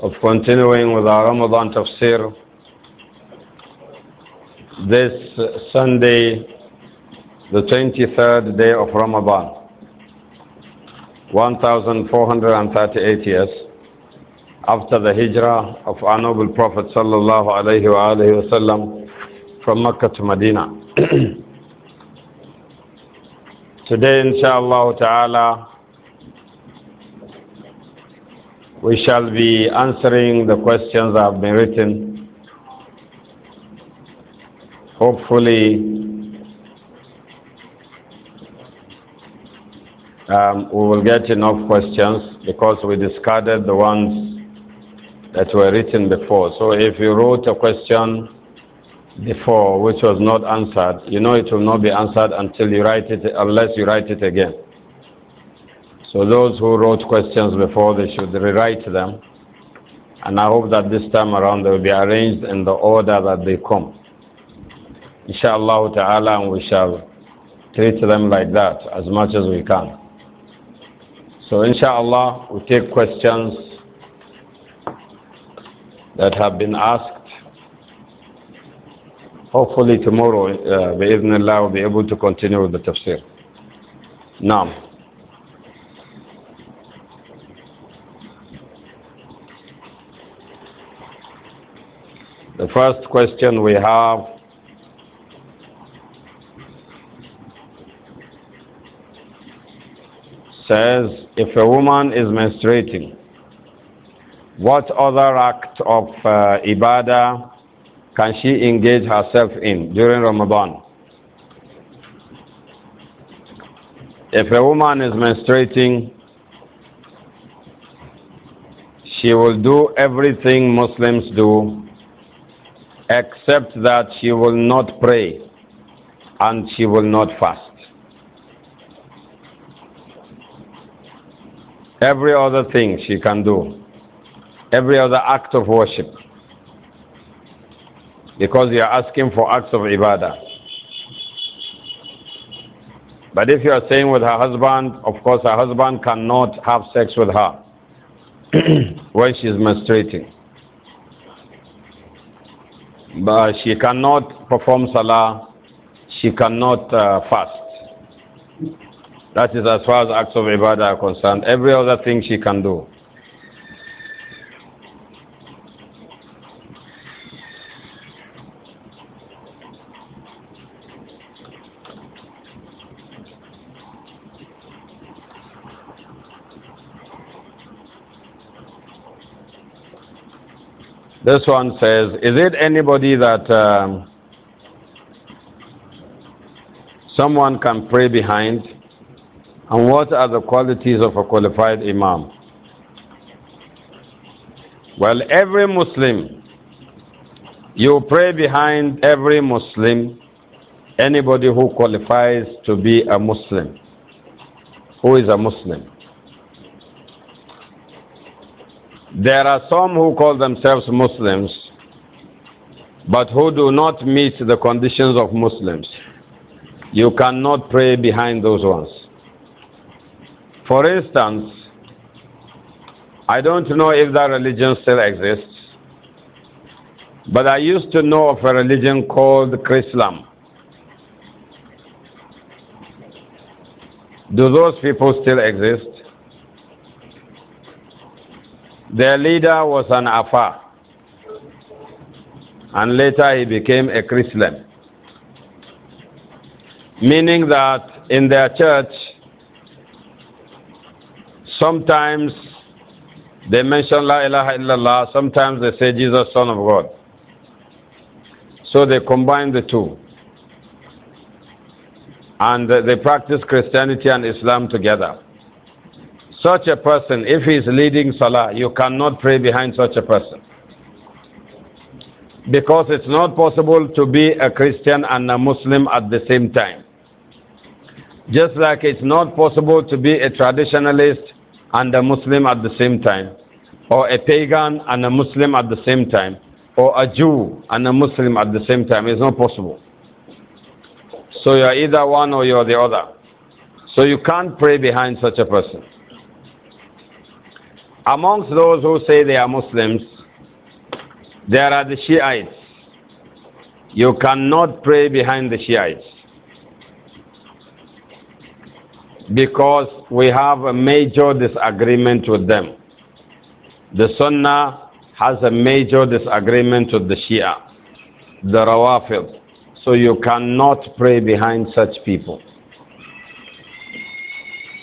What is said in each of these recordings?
of continuing with our Ramadan tafsir this Sunday, the 23rd day of Ramadan, 1438 years after the hijrah of our noble Prophet sallallahu alaihi wasallam from Mecca to Medina. Today, inshallah ta'ala, we shall be answering the questions that have been written. Hopefully, um, we will get enough questions because we discarded the ones that were written before. So, if you wrote a question before which was not answered, you know it will not be answered until you write it, unless you write it again. So those who wrote questions before, they should rewrite them. And I hope that this time around they will be arranged in the order that they come. Inshallah ta'ala, and we shall treat them like that as much as we can. So inshallah, we take questions that have been asked. Hopefully tomorrow, uh, bi'idhnillah, we'll be able to continue with the tafsir. Now. The first question we have says if a woman is menstruating, what other act of uh, ibadah can she engage herself in during Ramadan? If a woman is menstruating, she will do everything Muslims do except that she will not pray and she will not fast. Every other thing she can do, every other act of worship, because you are asking for acts of ibadah. But if you are saying with her husband, of course, her husband cannot have sex with her when she is menstruating. But she cannot perform salah, she cannot uh, fast. That is as far as acts of ibadah are concerned. Every other thing she can do. This one says, is it anybody that um, someone can pray behind? And what are the qualities of a qualified imam? Well, every Muslim, you pray behind every Muslim, anybody who qualifies to be a Muslim, who is a Muslim. There are some who call themselves Muslims, but who do not meet the conditions of Muslims. You cannot pray behind those ones. For instance, I don't know if that religion still exists, but I used to know of a religion called Chrislam. Do those people still exist? Their leader was an Afar. And later he became a Christian. Meaning that in their church, sometimes they mention La ilaha illallah, sometimes they say Jesus, Son of God. So they combine the two. And they practice Christianity and Islam together. Such a person, if he is leading salah, you cannot pray behind such a person. Because it's not possible to be a Christian and a Muslim at the same time. Just like it's not possible to be a traditionalist and a Muslim at the same time, or a pagan and a Muslim at the same time, or a Jew and a Muslim at the same time. It's not possible. So you're either one or you're the other. So you can't pray behind such a person. Amongst those who say they are Muslims, there are the Shiites. You cannot pray behind the Shiites. Because we have a major disagreement with them. The Sunnah has a major disagreement with the Shia, the Rawafid. So you cannot pray behind such people.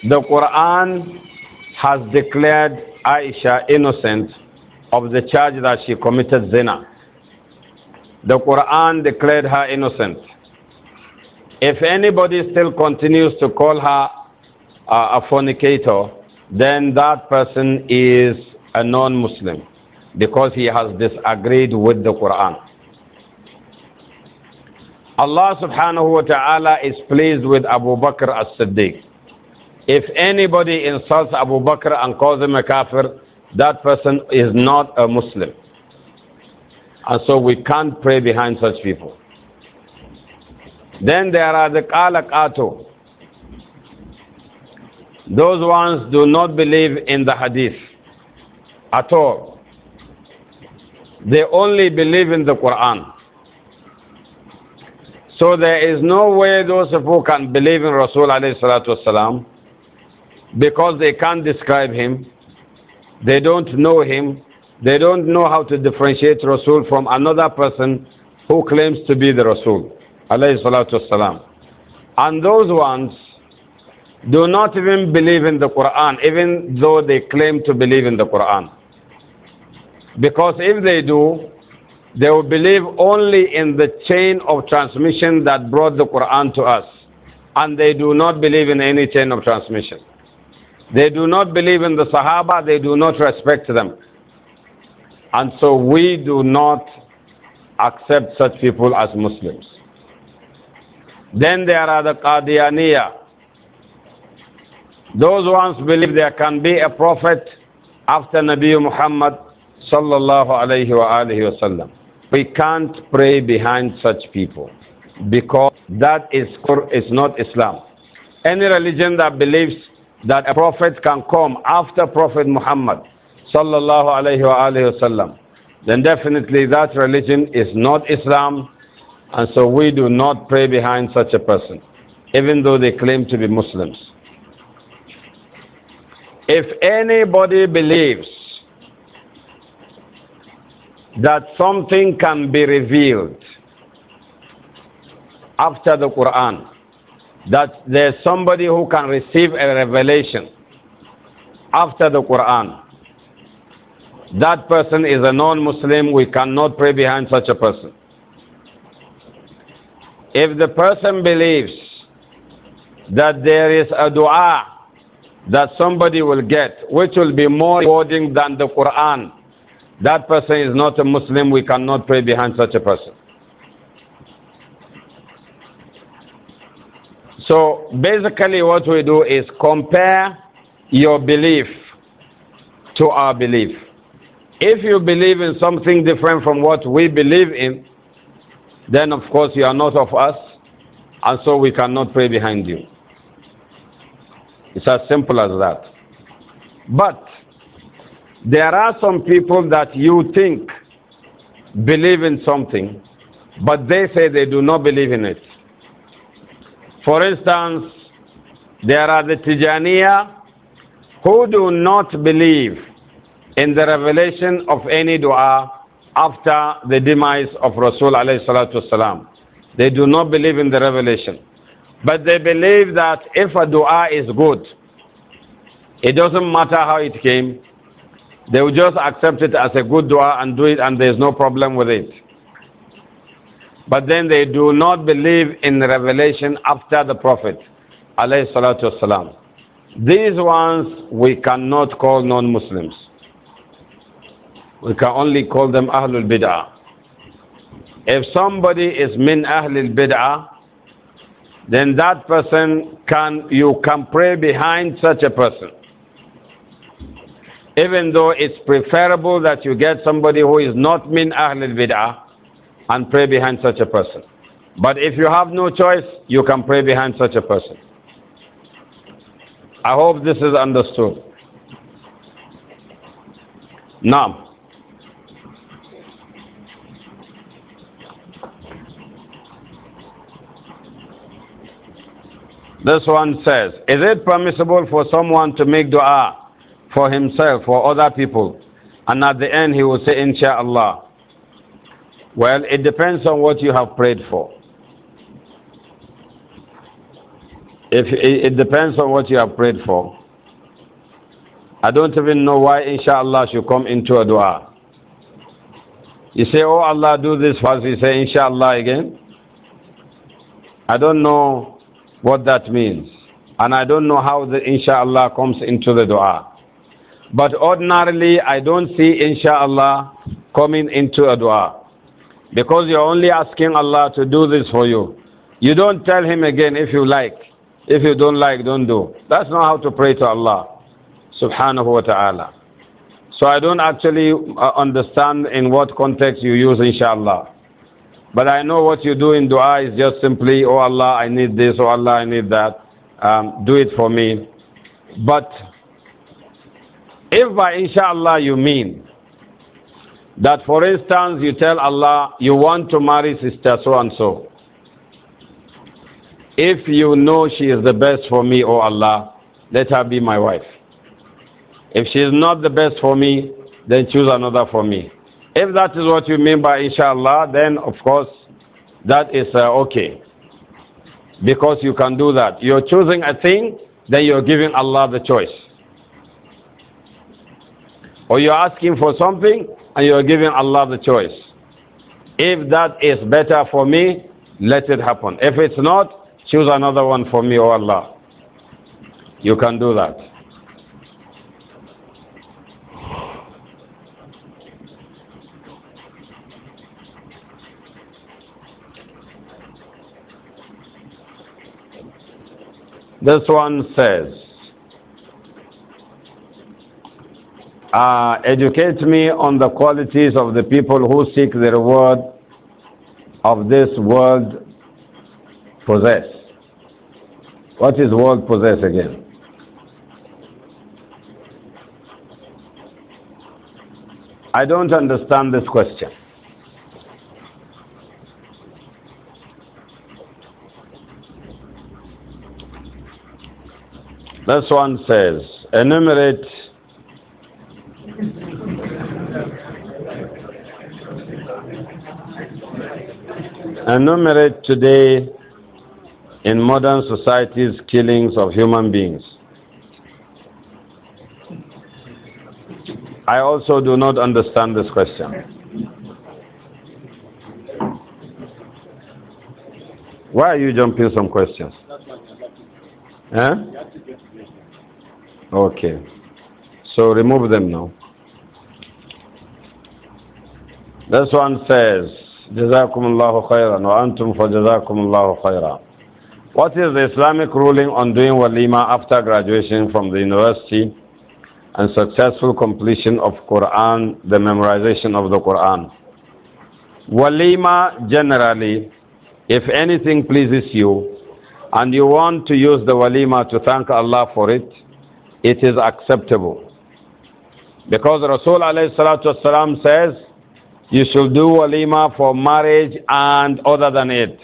The Quran has declared Aisha innocent of the charge that she committed zina. The Quran declared her innocent. If anybody still continues to call her uh, a fornicator, then that person is a non Muslim because he has disagreed with the Quran. Allah subhanahu wa ta'ala is pleased with Abu Bakr as Siddiq. If anybody insults Abu Bakr and calls him a kafir, that person is not a Muslim. And so we can't pray behind such people. Then there are the qalaqatu. Those ones do not believe in the hadith at all. They only believe in the Quran. So there is no way those people can believe in Rasul alayhi salatu wasalam because they can't describe him, they don't know him, they don't know how to differentiate Rasul from another person who claims to be the Rasul. And those ones do not even believe in the Quran, even though they claim to believe in the Quran. Because if they do, they will believe only in the chain of transmission that brought the Quran to us. And they do not believe in any chain of transmission. They do not believe in the Sahaba, they do not respect them. And so we do not accept such people as Muslims. Then there are the Qadianiyah. Those ones believe there can be a prophet after Nabi Muhammad sallallahu alayhi wa wasallam. We can't pray behind such people because that is, is not Islam. Any religion that believes that a prophet can come after Prophet Muhammad sallallahu alayhi wa alayhi wasallam, then definitely that religion is not Islam, and so we do not pray behind such a person, even though they claim to be Muslims. If anybody believes that something can be revealed after the Quran, that there's somebody who can receive a revelation after the Quran. That person is a non Muslim, we cannot pray behind such a person. If the person believes that there is a dua that somebody will get, which will be more rewarding than the Quran, that person is not a Muslim, we cannot pray behind such a person. So basically, what we do is compare your belief to our belief. If you believe in something different from what we believe in, then of course you are not of us, and so we cannot pray behind you. It's as simple as that. But there are some people that you think believe in something, but they say they do not believe in it. For instance, there are the Tijaniya who do not believe in the revelation of any dua after the demise of Rasul alayhi salatu wasalam. They do not believe in the revelation. But they believe that if a dua is good, it doesn't matter how it came, they will just accept it as a good dua and do it and there is no problem with it. But then they do not believe in revelation after the Prophet. These ones we cannot call non Muslims. We can only call them Ahlul Bid'ah. If somebody is min Ahlul Bid'ah, then that person can, you can pray behind such a person even though it's preferable that you get somebody who is not min Ahlul bid'ah and pray behind such a person. But if you have no choice, you can pray behind such a person. I hope this is understood. Now, This one says, Is it permissible for someone to make dua for himself or other people? And at the end, he will say, Insha'Allah. Well, it depends on what you have prayed for. If it depends on what you have prayed for. I don't even know why inshallah should come into a dua. You say, Oh Allah, do this first. You say, Inshallah again. I don't know what that means. And I don't know how the inshallah comes into the dua. But ordinarily, I don't see inshallah coming into a dua. Because you're only asking Allah to do this for you. You don't tell Him again if you like. If you don't like, don't do. That's not how to pray to Allah subhanahu wa ta'ala. So I don't actually uh, understand in what context you use inshallah. But I know what you do in dua is just simply, oh Allah, I need this, oh Allah, I need that. Um, do it for me. But if by inshallah you mean that, for instance, you tell Allah, you want to marry sister so and so. If you know she is the best for me, oh Allah, let her be my wife. If she is not the best for me, then choose another for me. If that is what you mean by inshallah, then of course that is uh, okay. Because you can do that. You're choosing a thing, then you're giving Allah the choice. Or you're asking for something, and you are giving Allah the choice. If that is better for me, let it happen. If it's not, choose another one for me, O oh Allah. You can do that. This one says, Uh, educate me on the qualities of the people who seek the reward of this world possess. What is world possess again? I don't understand this question. This one says, enumerate enumerate today in modern society's killings of human beings. I also do not understand this question. Why are you jumping some questions? Eh? Okay. So remove them now. This one says, جزاكم الله خيرا وأنتم فجزاكم الله خيرا What is the Islamic ruling on doing walima after graduation from the university and successful completion of Quran, the memorization of the Quran? Walima generally, if anything pleases you and you want to use the walima to thank Allah for it, it is acceptable. Because Rasul alayhi salatu says, you should do walima for marriage and other than it.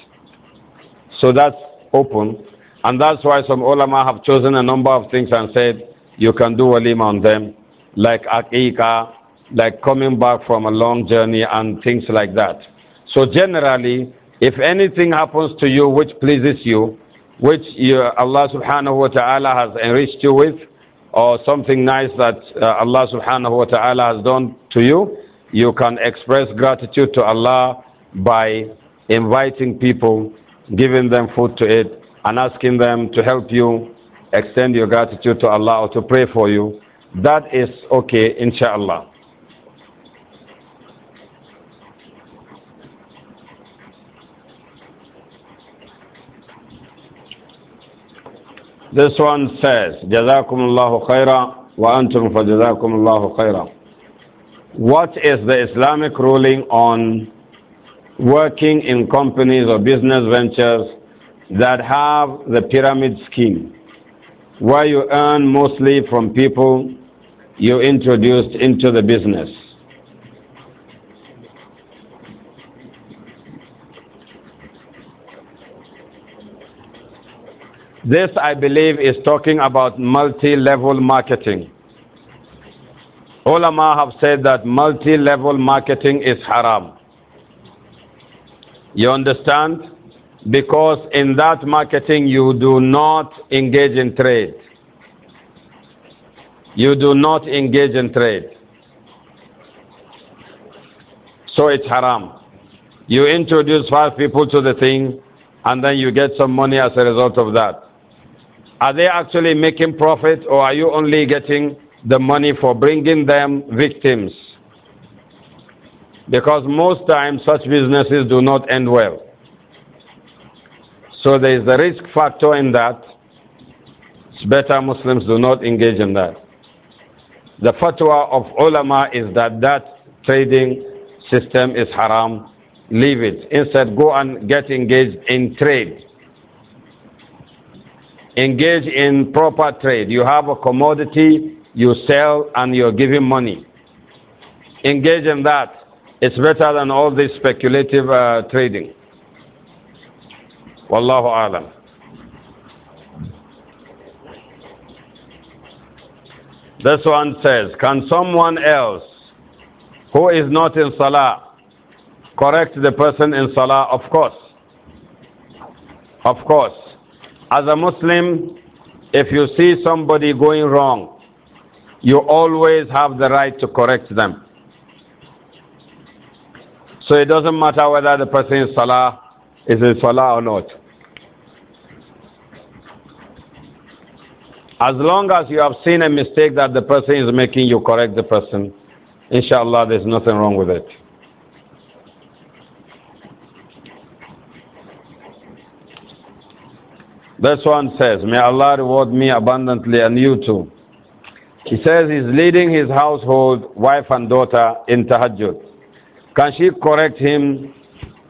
So that's open. And that's why some ulama have chosen a number of things and said you can do walima on them, like akika, like coming back from a long journey and things like that. So generally, if anything happens to you which pleases you, which you, Allah subhanahu wa ta'ala has enriched you with, or something nice that uh, Allah subhanahu wa ta'ala has done to you, you can express gratitude to Allah by inviting people, giving them food to eat, and asking them to help you extend your gratitude to Allah or to pray for you. That is okay, inshallah. This one says, Allah الله wa antum فجزاكم Allah khaira." what is the Islamic ruling on working in companies or business ventures that have the pyramid scheme, where you earn mostly from people you introduced into the business. This, I believe, is talking about multi level marketing. Ulama have said that multi-level marketing is haram. You understand? Because in that marketing you do not engage in trade. You do not engage in trade. So it's haram. You introduce five people to the thing and then you get some money as a result of that. Are they actually making profit or are you only getting the money for bringing them victims. Because most times such businesses do not end well. So there is a risk factor in that. It's better Muslims do not engage in that. The fatwa of ulama is that that trading system is haram. Leave it. Instead, go and get engaged in trade engage in proper trade. You have a commodity, you sell and you're giving money. Engage in that. It's better than all this speculative uh, trading. Wallahu alam. This one says, Can someone else who is not in Salah correct the person in Salah? Of course. Of course. As a Muslim, if you see somebody going wrong, you always have the right to correct them. So it doesn't matter whether the person in Salah is in Salah or not. As long as you have seen a mistake that the person is making, you correct the person. Inshallah, there's nothing wrong with it. This one says, May Allah reward me abundantly and you too. He says he's leading his household, wife and daughter, in tahajjud. Can she correct him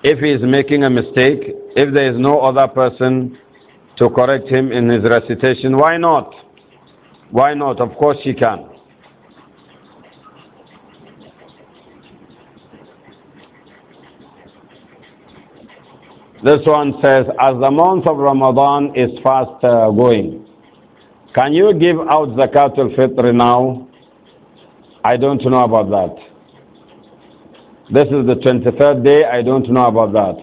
if he is making a mistake? If there is no other person to correct him in his recitation, why not? Why not? Of course she can. This one says, as the month of Ramadan is fast uh, going, can you give out zakat al-fitr now? I don't know about that. This is the 23rd day. I don't know about that.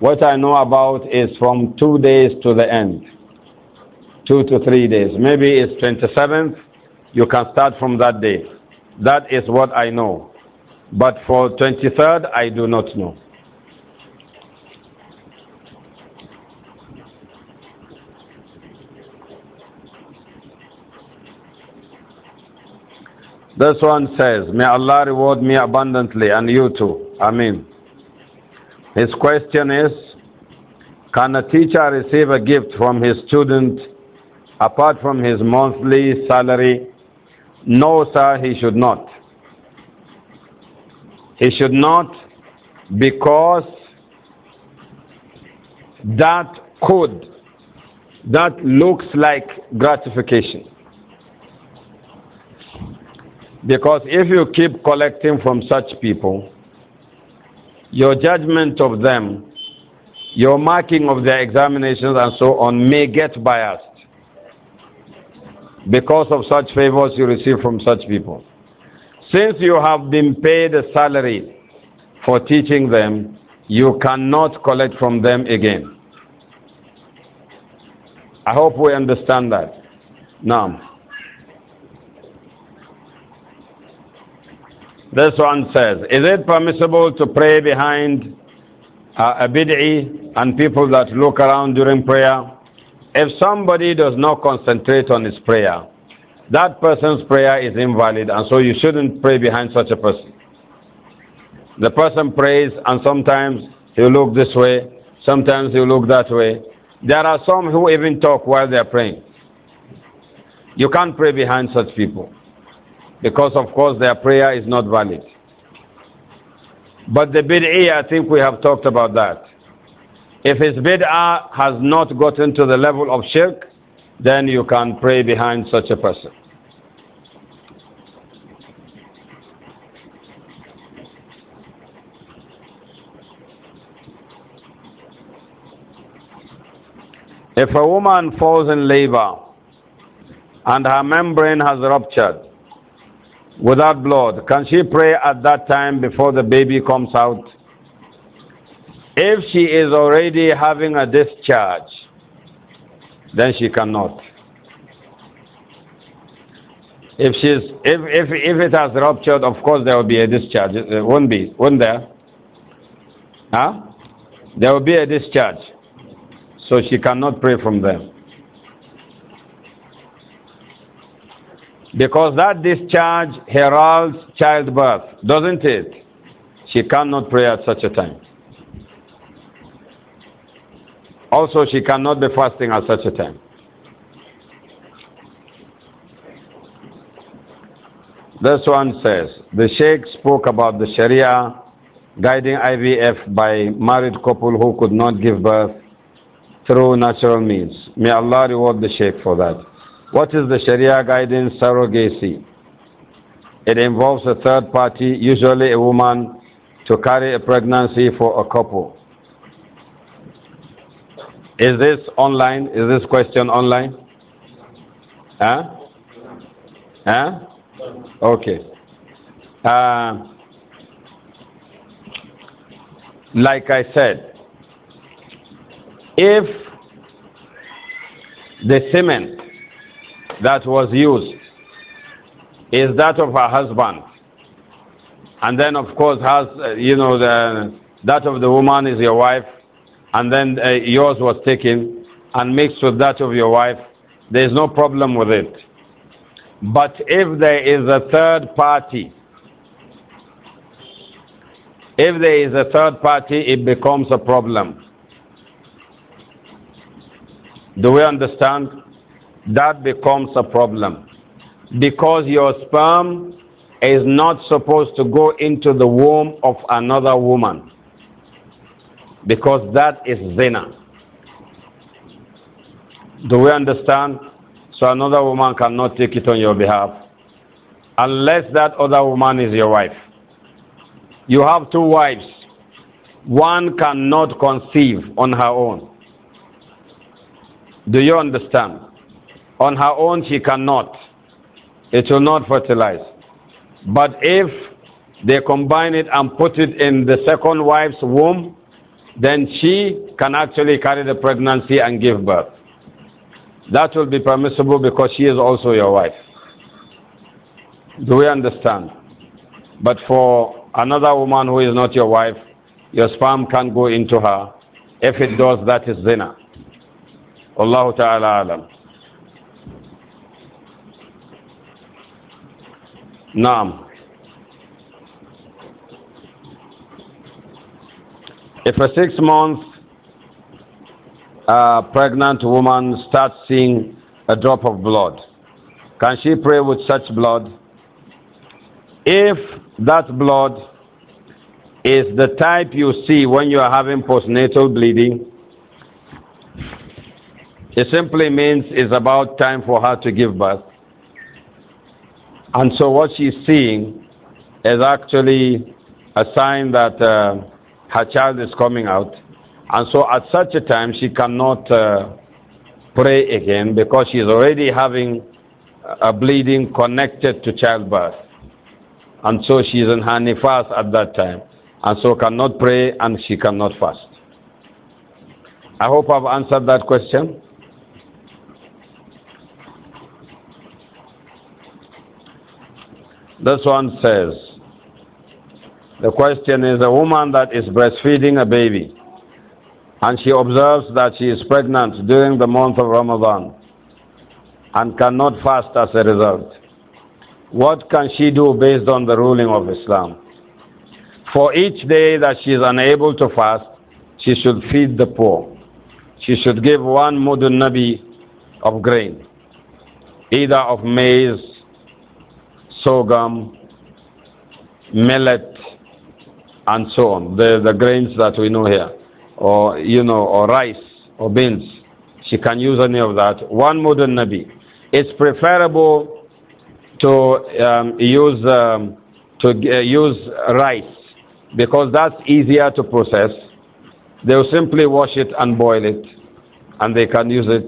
What I know about is from two days to the end. Two to three days. Maybe it's 27th. You can start from that day. That is what I know. But for 23rd, I do not know. This one says, May Allah reward me abundantly and you too. Amin. His question is, can a teacher receive a gift from his student apart from his monthly salary? No, sir, he should not. He should not because that could, that looks like gratification. Because if you keep collecting from such people, your judgment of them, your marking of their examinations and so on may get biased because of such favors you receive from such people. Since you have been paid a salary for teaching them, you cannot collect from them again. I hope we understand that. Now, This one says, is it permissible to pray behind uh, a bid'i and people that look around during prayer? If somebody does not concentrate on his prayer, that person's prayer is invalid, and so you shouldn't pray behind such a person. The person prays, and sometimes he'll look this way, sometimes he'll look that way. There are some who even talk while they're praying. You can't pray behind such people because of course their prayer is not valid. But the bid'ah, I think we have talked about that. If his bid'ah has not gotten to the level of shirk, then you can pray behind such a person. If a woman falls in labor and her membrane has ruptured, without blood, can she pray at that time before the baby comes out? If she is already having a discharge, then she cannot. If she's if if if it has ruptured, of course there will be a discharge. It won't be, won't there? Huh? There will be a discharge. So she cannot pray from there. Because that discharge heralds childbirth, doesn't it? She cannot pray at such a time. Also, she cannot be fasting at such a time. This one says the Sheikh spoke about the Sharia guiding IVF by married couple who could not give birth through natural means. May Allah reward the Sheikh for that. What is the Sharia guidance surrogacy? It involves a third party, usually a woman, to carry a pregnancy for a couple. Is this online? Is this question online? Huh? Huh? Okay. Uh, like I said, if the semen that was used is that of her husband. And then, of course, has, uh, you know, the, that of the woman is your wife, and then uh, yours was taken and mixed with that of your wife. There is no problem with it. But if there is a third party, if there is a third party, it becomes a problem. Do we understand? that becomes a problem because your sperm is not supposed to go into the womb of another woman because that is zina. Do we understand? So another woman cannot take it on your behalf unless that other woman is your wife. You have two wives. One cannot conceive on her own. Do you understand? On her own, she cannot. It will not fertilize. But if they combine it and put it in the second wife's womb, then she can actually carry the pregnancy and give birth. That will be permissible because she is also your wife. Do we understand? But for another woman who is not your wife, your sperm can't go into her. If it does, that is zina. Allah Ta'ala alam. نعم If a six month uh, pregnant woman starts seeing a drop of blood, can she pray with such blood? If that blood is the type you see when you are having postnatal bleeding, it simply means it's about time for her to give birth. And so what she's seeing is actually a sign that uh, her child is coming out. And so at such a time, she cannot uh, pray again because she's already having a bleeding connected to childbirth. And so she's in her fast at that time. And so cannot pray and she cannot fast. I hope I've answered that question. This one says, the question is a woman that is breastfeeding a baby and she observes that she is pregnant during the month of Ramadan and cannot fast as a result. What can she do based on the ruling of Islam? For each day that she is unable to fast, she should feed the poor. She should give one mudun nabi of grain, either of maize sorghum, millet, and so on. The, the grains that we know here, or, you know, or rice, or beans. She can use any of that. One modern Nabi. It's preferable to um, use, um, to, uh, use rice because that's easier to process. They'll simply wash it and boil it, and they can use it.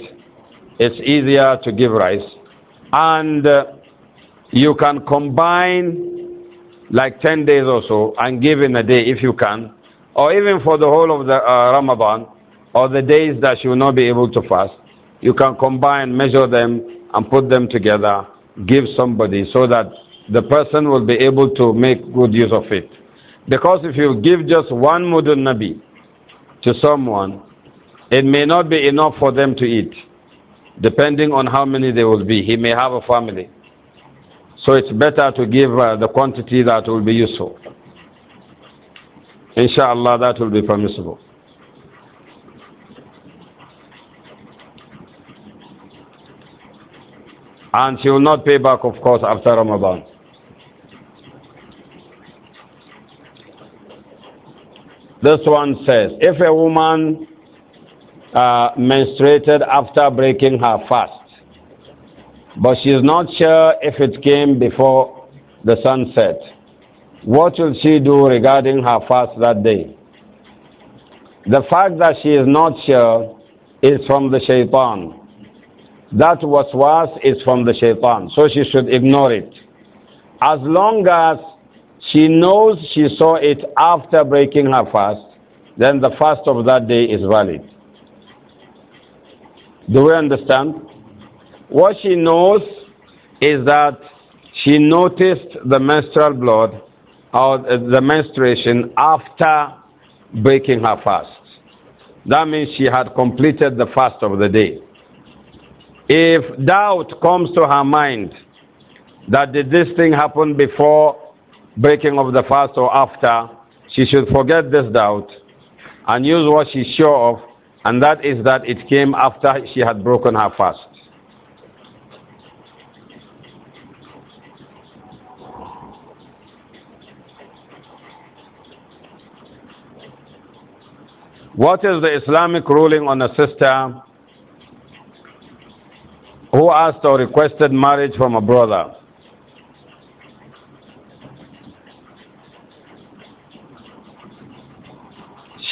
It's easier to give rice. And uh, you can combine like 10 days or so and give in a day if you can, or even for the whole of the uh, Ramadan, or the days that you will not be able to fast, you can combine, measure them, and put them together, give somebody so that the person will be able to make good use of it. Because if you give just one mudun nabi to someone, it may not be enough for them to eat, depending on how many there will be. He may have a family. So it's better to give uh, the quantity that will be useful. Inshallah, that will be permissible. And she will not pay back, of course, after Ramadan. This one says, if a woman uh, menstruated after breaking her fast, but she is not sure if it came before the sunset. What will she do regarding her fast that day? The fact that she is not sure is from the shaitan. That was was is from the shaitan, so she should ignore it. As long as she knows she saw it after breaking her fast, then the fast of that day is valid. Do we understand? What she knows is that she noticed the menstrual blood or the menstruation after breaking her fast. That means she had completed the fast of the day. If doubt comes to her mind that did this thing happen before breaking of the fast or after, she should forget this doubt and use what she's sure of, and that is that it came after she had broken her fast. What is the Islamic ruling on a sister who asked or requested marriage from a brother?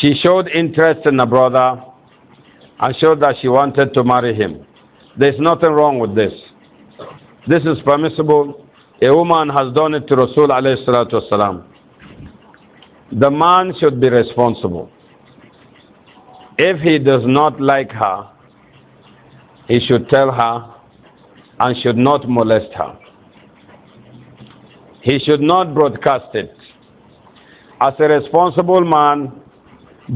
She showed interest in a brother and showed that she wanted to marry him. There's nothing wrong with this. This is permissible. A woman has done it to Rasul alayhi The man should be responsible. If he does not like her, he should tell her and should not molest her. He should not broadcast it. As a responsible man,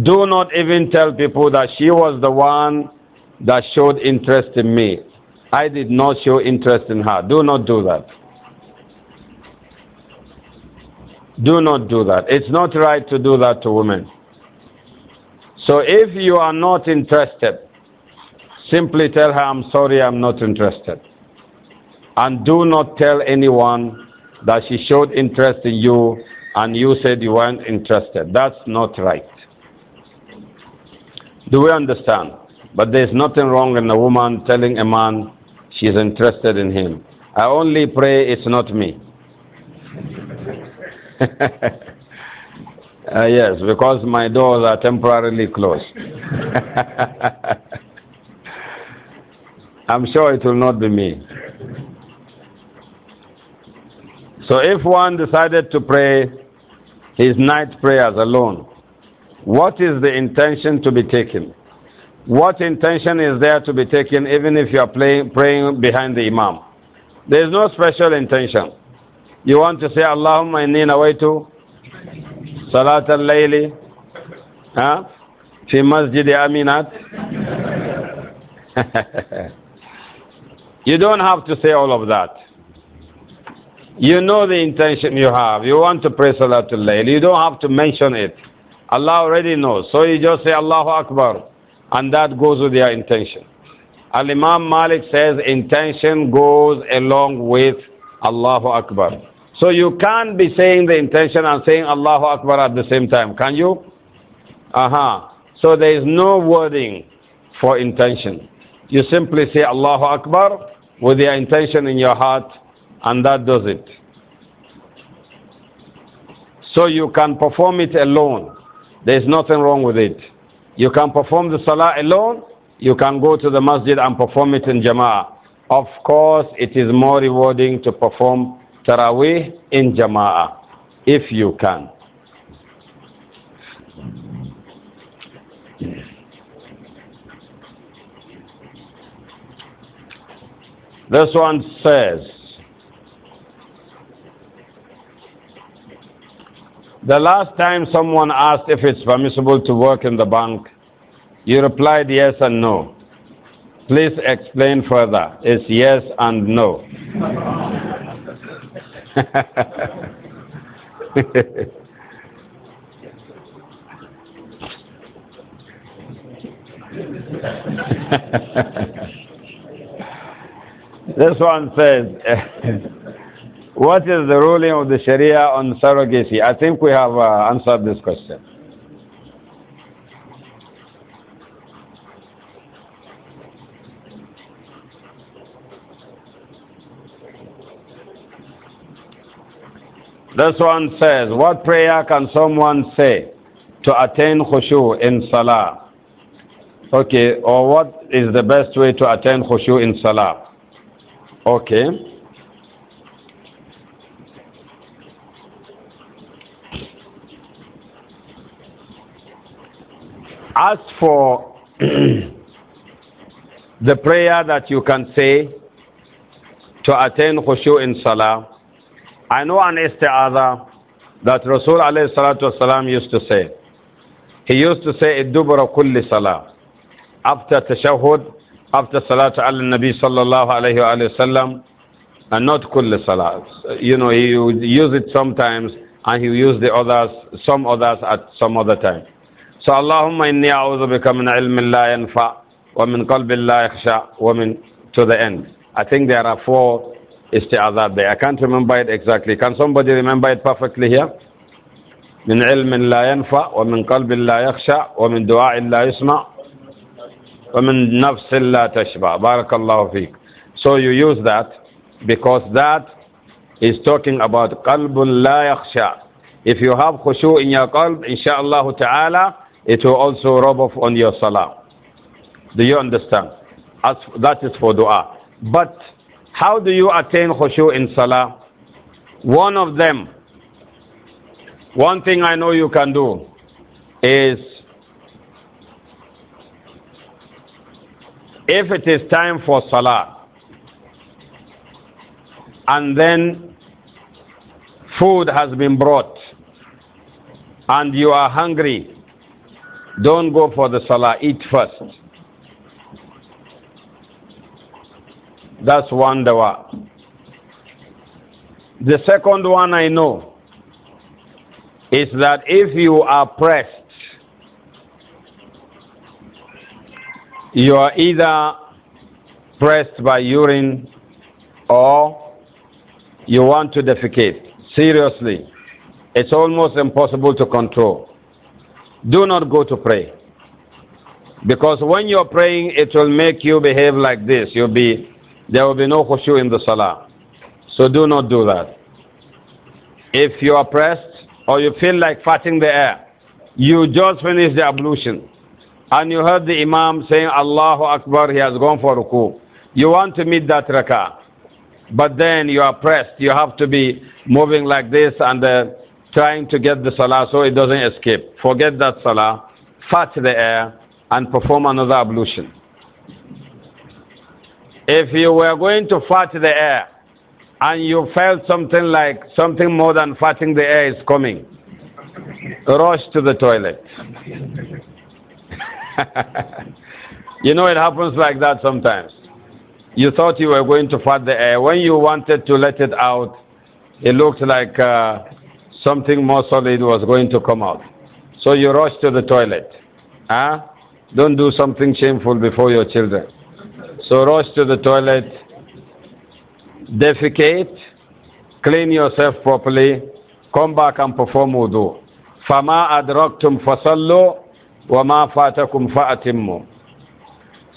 do not even tell people that she was the one that showed interest in me. I did not show interest in her. Do not do that. Do not do that. It's not right to do that to women. So if you are not interested, simply tell her, I'm sorry, I'm not interested. And do not tell anyone that she showed interest in you and you said you weren't interested. That's not right. Do we understand? But there's nothing wrong in a woman telling a man she's interested in him. I only pray it's not me. Uh, yes, because my doors are temporarily closed. I'm sure it will not be me. So if one decided to pray his night prayers alone, what is the intention to be taken? What intention is there to be taken even if you are praying behind the imam? There is no special intention. You want to say, Allahumma inni nawaitu صلاة الليل ها في مسجد Aminat. you don't have to say all of that. You know the intention you have. You want to pray Salatul Layl. You don't have to mention it. Allah already knows. So you just say Allahu Akbar. And that goes with your intention. Al Imam Malik says intention goes along with Allahu Akbar. So you can't be saying the intention and saying Allahu Akbar at the same time, can you? Aha. Uh -huh. So there is no wording for intention. You simply say Allahu Akbar with your intention in your heart, and that does it. So you can perform it alone. There is nothing wrong with it. You can perform the salah alone. You can go to the masjid and perform it in jama'ah. Of course, it is more rewarding to perform Taraweeh in Jama'ah, if you can. This one says, The last time someone asked if it's permissible to work in the bank, you replied yes and no. Please explain further. It's yes and no. this one says, What is the ruling of the Sharia on surrogacy? I think we have uh, answered this question. This one says, what prayer can someone say to attain khushu in salah? Okay, or what is the best way to attain khushu in salah? Okay. As for the prayer that you can say to attain khushu in salah, I know an isti'adha that Rasul alayhi salatu wasalam used to say. He used to say, Iddubara kulli salah. After tashahud, after salatu ala nabi sallallahu alayhi wa sallam, and not kulli salah. You know, he would use it sometimes and he would use the others, some others at some other time. So Allahumma inni a'udhu bika min ilmin la yanfa wa min qalbin la yakhsha wa min to the end. I think there are four isti'adhat day. I can't remember it exactly. Can somebody remember it perfectly here? من علم لا ينفع ومن قلب لا يخشع ومن دعاء لا يسمع ومن نفس لا تشبع بارك الله فيك so you use that because that is talking about قلب لا يخشع if you have khushu in your qalb inshallah ta'ala it will also rub off on your salah do you understand As, that is for dua but how do you attain khushu in salah? One of them, one thing I know you can do is if it is time for salah and then food has been brought and you are hungry, don't go for the salah, eat first. That's one dawa. The second one I know is that if you are pressed, you are either pressed by urine or you want to defecate. Seriously, it's almost impossible to control. Do not go to pray. Because when you're praying, it will make you behave like this. You'll be there will be no khushu in the salah. So do not do that. If you are pressed or you feel like farting the air, you just finished the ablution and you heard the Imam saying, Allahu Akbar, he has gone for ruku. You want to meet that rakah, but then you are pressed. You have to be moving like this and uh, trying to get the salah so it doesn't escape. Forget that salah, fart the air, and perform another ablution. If you were going to fart the air and you felt something like something more than farting the air is coming, rush to the toilet. you know, it happens like that sometimes. You thought you were going to fart the air. When you wanted to let it out, it looked like uh, something more solid was going to come out. So you rush to the toilet. Huh? Don't do something shameful before your children. So rush to the toilet, defecate, clean yourself properly, come back and perform wudu. فَمَا أَدْرَكْتُمْ فَصَلُّوا وَمَا فَاتَكُمْ فَأَتِمُّوا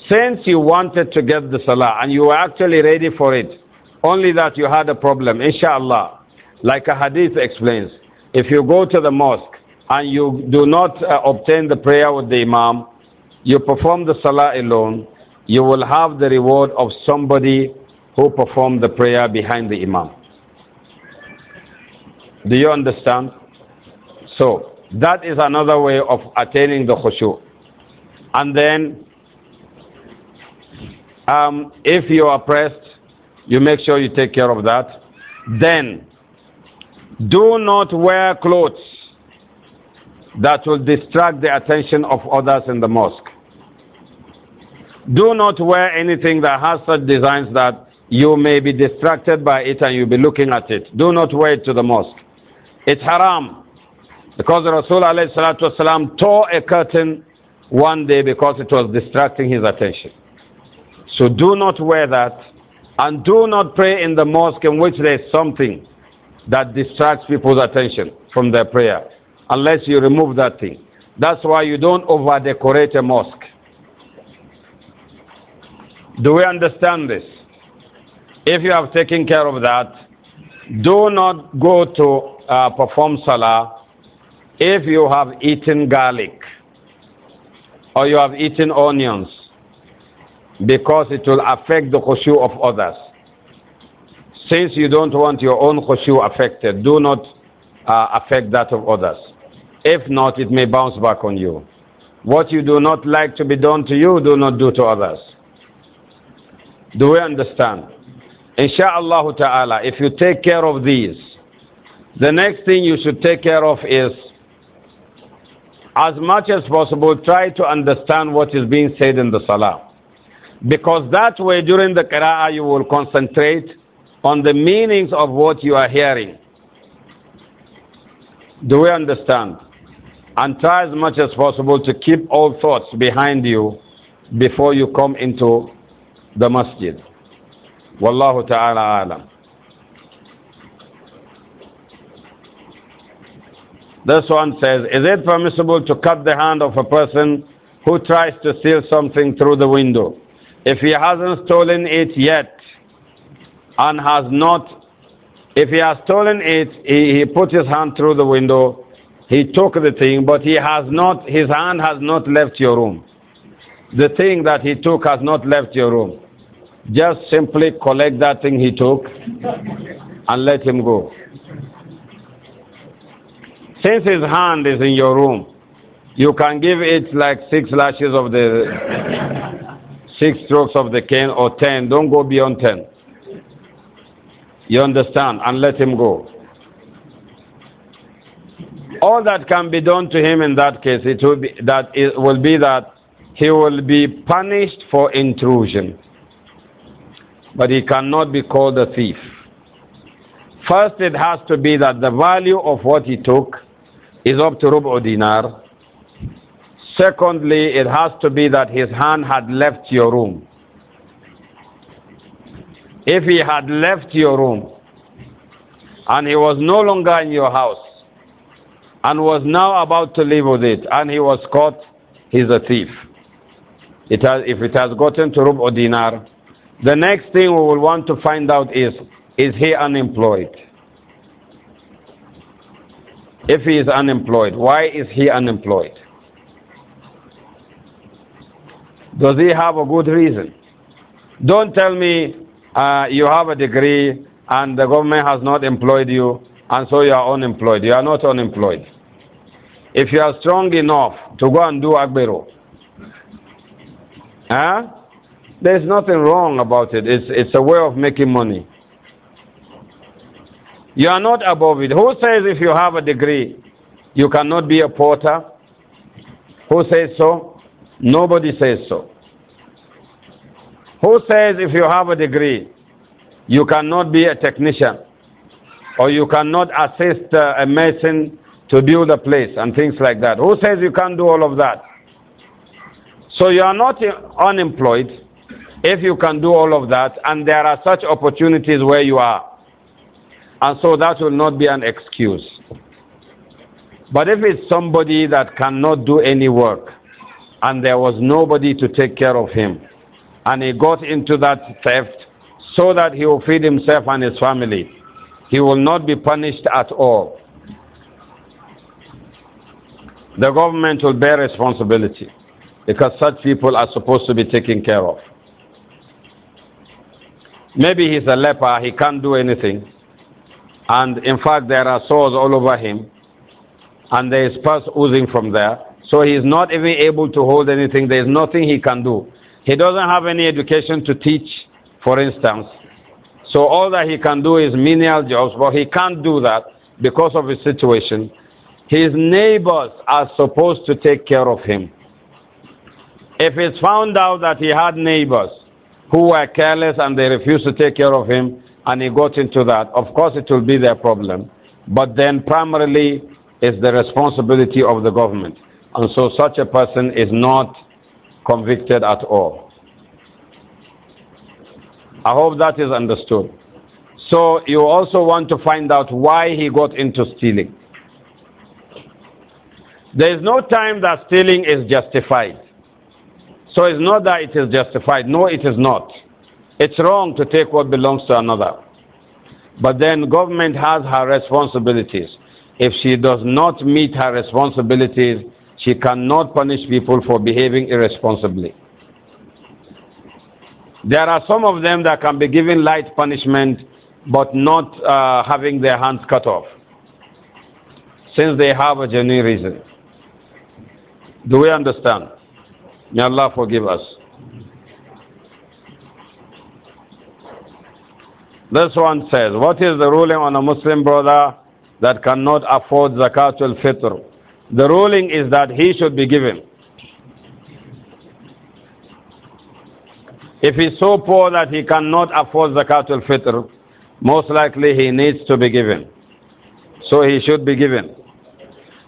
Since you wanted to get the salah and you were actually ready for it, only that you had a problem, inshallah, like a hadith explains, if you go to the mosque and you do not uh, obtain the prayer with the imam, you perform the salah alone, you will have the reward of somebody who performed the prayer behind the Imam. Do you understand? So, that is another way of attaining the khushu. And then, um, if you are pressed, you make sure you take care of that. Then, do not wear clothes that will distract the attention of others in the mosque. Do not wear anything that has such designs that you may be distracted by it and you'll be looking at it. Do not wear it to the mosque. It's haram. Because Rasul والسلام, tore a curtain one day because it was distracting his attention. So do not wear that. And do not pray in the mosque in which there is something that distracts people's attention from their prayer. Unless you remove that thing. That's why you don't over decorate a mosque. Do we understand this? If you have taken care of that, do not go to uh, perform salah if you have eaten garlic or you have eaten onions because it will affect the khushu of others. Since you don't want your own khushu affected, do not uh, affect that of others. If not, it may bounce back on you. What you do not like to be done to you, do not do to others. Do we understand? Insha'Allah ta'ala, if you take care of these, the next thing you should take care of is, as much as possible, try to understand what is being said in the salah. Because that way, during the qira'ah, you will concentrate on the meanings of what you are hearing. Do we understand? And try as much as possible to keep all thoughts behind you before you come into the masjid. Wallahu ta'ala alam. This one says, Is it permissible to cut the hand of a person who tries to steal something through the window? If he hasn't stolen it yet and has not, if he has stolen it, he, he put his hand through the window, he took the thing, but he has not, his hand has not left your room the thing that he took has not left your room. Just simply collect that thing he took and let him go. Since his hand is in your room, you can give it like six lashes of the six strokes of the cane or ten. Don't go beyond ten. You understand? And let him go. All that can be done to him in that case, it will be that it will be that he will be punished for intrusion. But he cannot be called a thief. First, it has to be that the value of what he took is up to rubu dinar. Secondly, it has to be that his hand had left your room. If he had left your room and he was no longer in your house and was now about to leave with it and he was caught, he's a thief. It has, if it has gotten to rub dinar, the next thing we will want to find out is, is he unemployed? If he is unemployed, why is he unemployed? Does he have a good reason? Don't tell me uh, you have a degree and the government has not employed you and so you are unemployed. You are not unemployed. If you are strong enough to go and do Agbero, Huh? There's nothing wrong about it. It's, it's a way of making money. You are not above it. Who says if you have a degree, you cannot be a porter? Who says so? Nobody says so. Who says if you have a degree, you cannot be a technician or you cannot assist uh, a mason to build a place and things like that? Who says you can't do all of that? So you are not unemployed if you can do all of that, and there are such opportunities where you are. And so that will not be an excuse. But if it's somebody that cannot do any work, and there was nobody to take care of him, and he got into that theft so that he will feed himself and his family, he will not be punished at all. The government will bear responsibility. Because such people are supposed to be taken care of. Maybe he's a leper, he can't do anything. And in fact, there are sores all over him. And there is pus oozing from there. So he's not even able to hold anything. There is nothing he can do. He doesn't have any education to teach, for instance. So all that he can do is menial jobs, but he can't do that because of his situation. His neighbors are supposed to take care of him. If it's found out that he had neighbors who were careless and they refused to take care of him and he got into that, of course it will be their problem. But then primarily it's the responsibility of the government. And so such a person is not convicted at all. I hope that is understood. So you also want to find out why he got into stealing. There is no time that stealing is justified. So it's not that it is justified. No, it is not. It's wrong to take what belongs to another. But then government has her responsibilities. If she does not meet her responsibilities, she cannot punish people for behaving irresponsibly. There are some of them that can be given light punishment but not uh, having their hands cut off since they have a genuine reason. Do we understand? May Allah forgive us. This one says, What is the ruling on a Muslim brother that cannot afford zakatul fitr? The ruling is that he should be given. If he's so poor that he cannot afford zakatul fitr, most likely he needs to be given. So he should be given.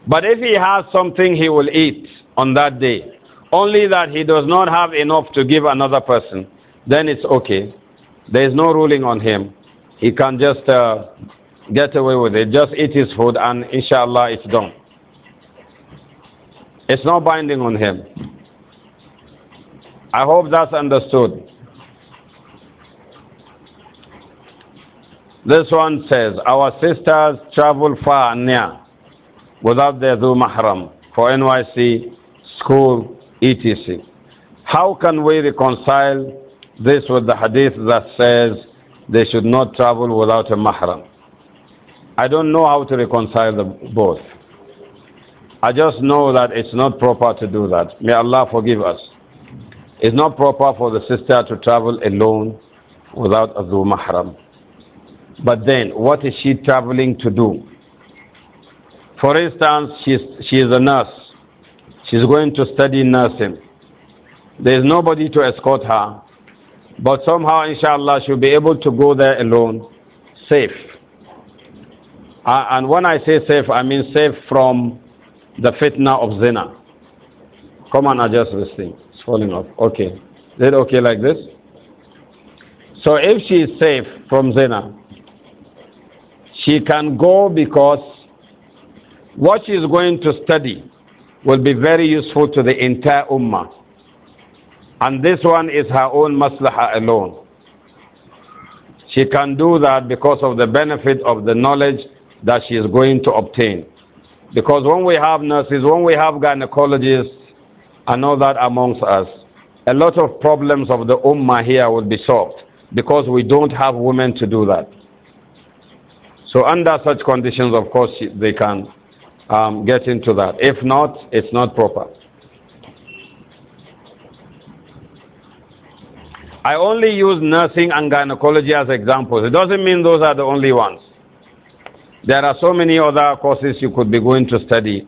But if he has something he will eat on that day, only that he does not have enough to give another person. Then it's okay. There is no ruling on him. He can just uh, get away with it. Just eat his food and inshallah it's done. It's not binding on him. I hope that's understood. This one says, Our sisters travel far and near without their dhu mahram for NYC, school, etc. How can we reconcile this with the hadith that says they should not travel without a mahram? I don't know how to reconcile the both. I just know that it's not proper to do that. May Allah forgive us. It's not proper for the sister to travel alone without a dhu mahram. But then, what is she traveling to do? For instance, she's, she is a nurse She's going to study nursing. There is nobody to escort her. But somehow, inshallah, she'll be able to go there alone, safe. Uh, and when I say safe, I mean safe from the fitna of zina. Come and adjust this thing. It's falling off. Okay. Is it okay like this? So if she is safe from zina, she can go because what she is going to study will be very useful to the entire ummah. And this one is her own maslahah alone. She can do that because of the benefit of the knowledge that she is going to obtain. Because when we have nurses, when we have gynecologists and all that amongst us, a lot of problems of the ummah here will be solved because we don't have women to do that. So under such conditions, of course, they can um, get into that. If not, it's not proper. I only use nursing and gynecology as examples. It doesn't mean those are the only ones. There are so many other courses you could be going to study,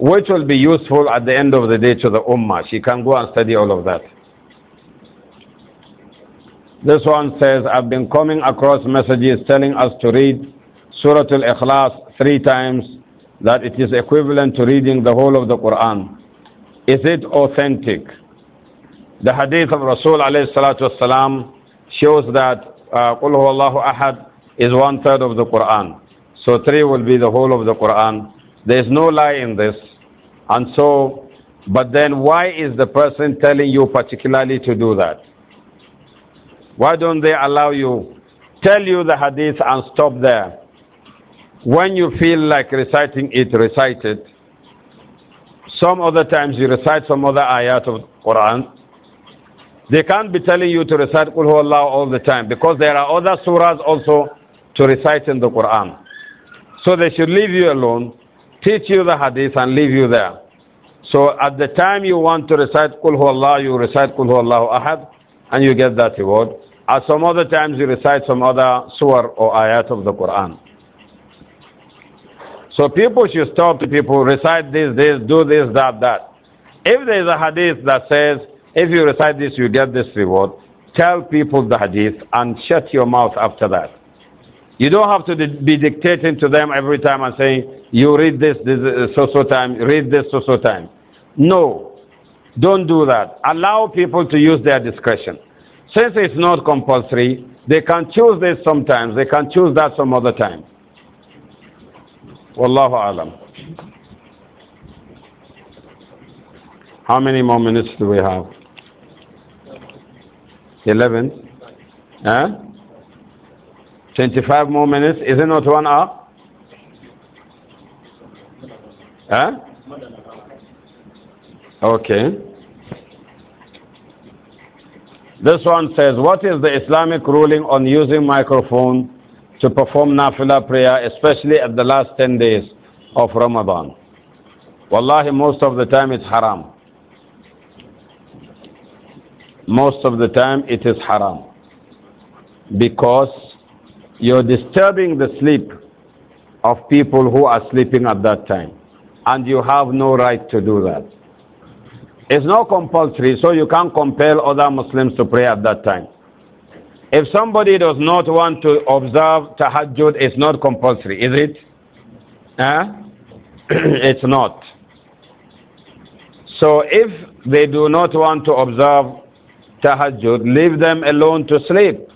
which will be useful at the end of the day to the Ummah. She can go and study all of that. This one says, I've been coming across messages telling us to read Surah Al Ikhlas three times that it is equivalent to reading the whole of the Quran. Is it authentic? The hadith of Rasul والسلام, shows that uh, Allahu Ahad is one third of the Quran. So three will be the whole of the Quran. There is no lie in this. And so, but then why is the person telling you particularly to do that? Why don't they allow you, tell you the hadith and stop there? When you feel like reciting it, recite it. Some other times you recite some other ayat of Quran. They can't be telling you to recite Qul Allah all the time because there are other surahs also to recite in the Quran. So they should leave you alone, teach you the hadith and leave you there. So at the time you want to recite Qul Allah, you recite Qul Allahu Ahad and you get that reward. At some other times you recite some other surah or ayat of the Quran. So people should stop to people, recite this, this, do this, that, that. If there is a hadith that says, if you recite this, you get this reward, tell people the hadith and shut your mouth after that. You don't have to be dictating to them every time and saying, you read this, this uh, so so time, read this so so time. No, don't do that. Allow people to use their discretion. Since it's not compulsory, they can choose this sometimes, they can choose that some other time. Wallahu alam. How many more minutes do we have? Eleven? Huh? Twenty-five more minutes? Is it not one hour? Huh? Okay. This one says, what is the Islamic ruling on using microphone to perform nafla prayer, especially at the last 10 days of Ramadan. Wallahi, most of the time it's haram. Most of the time it is haram. Because you're disturbing the sleep of people who are sleeping at that time. And you have no right to do that. It's not compulsory, so you can't compel other Muslims to pray at that time. If somebody does not want to observe tahajjud, it's not compulsory, is it? Eh? it's not. So if they do not want to observe tahajjud, leave them alone to sleep.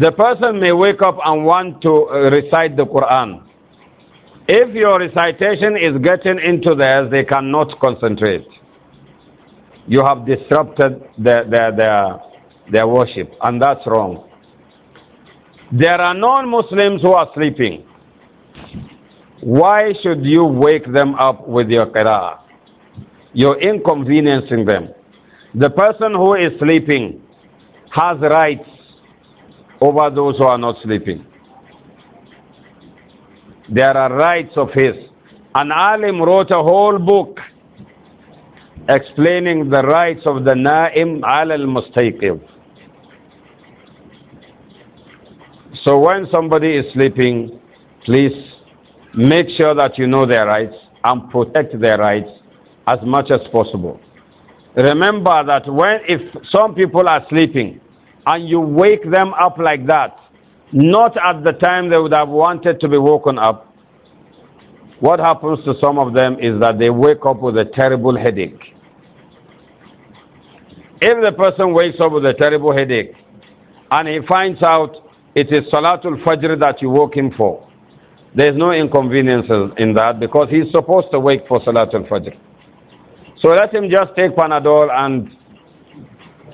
The person may wake up and want to uh, recite the Quran. If your recitation is getting into theirs, they cannot concentrate. You have disrupted the, the, the their worship, and that's wrong. There are non Muslims who are sleeping. Why should you wake them up with your qira'ah? You're inconveniencing them. The person who is sleeping has rights over those who are not sleeping. There are rights of his. An alim wrote a whole book explaining the rights of the na'im al mustaqib. So when somebody is sleeping, please make sure that you know their rights and protect their rights as much as possible. Remember that when if some people are sleeping and you wake them up like that, not at the time they would have wanted to be woken up, what happens to some of them is that they wake up with a terrible headache. If the person wakes up with a terrible headache and he finds out it is Salatul Fajr that you woke him for. There is no inconvenience in that because he's supposed to wake for Salatul Fajr. So let him just take Panadol and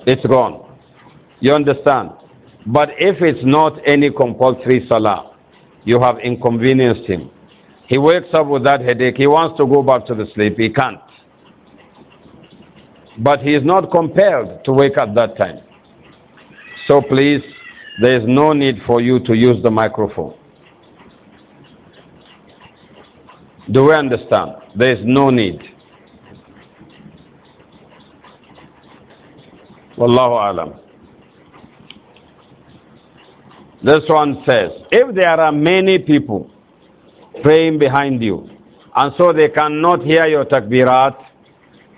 it's gone. You understand? But if it's not any compulsory Salah, you have inconvenienced him. He wakes up with that headache. He wants to go back to the sleep. He can't. But he is not compelled to wake at that time. So please there is no need for you to use the microphone. Do we understand? There is no need. Wallahu alam. This one says, if there are many people praying behind you, and so they cannot hear your takbirat,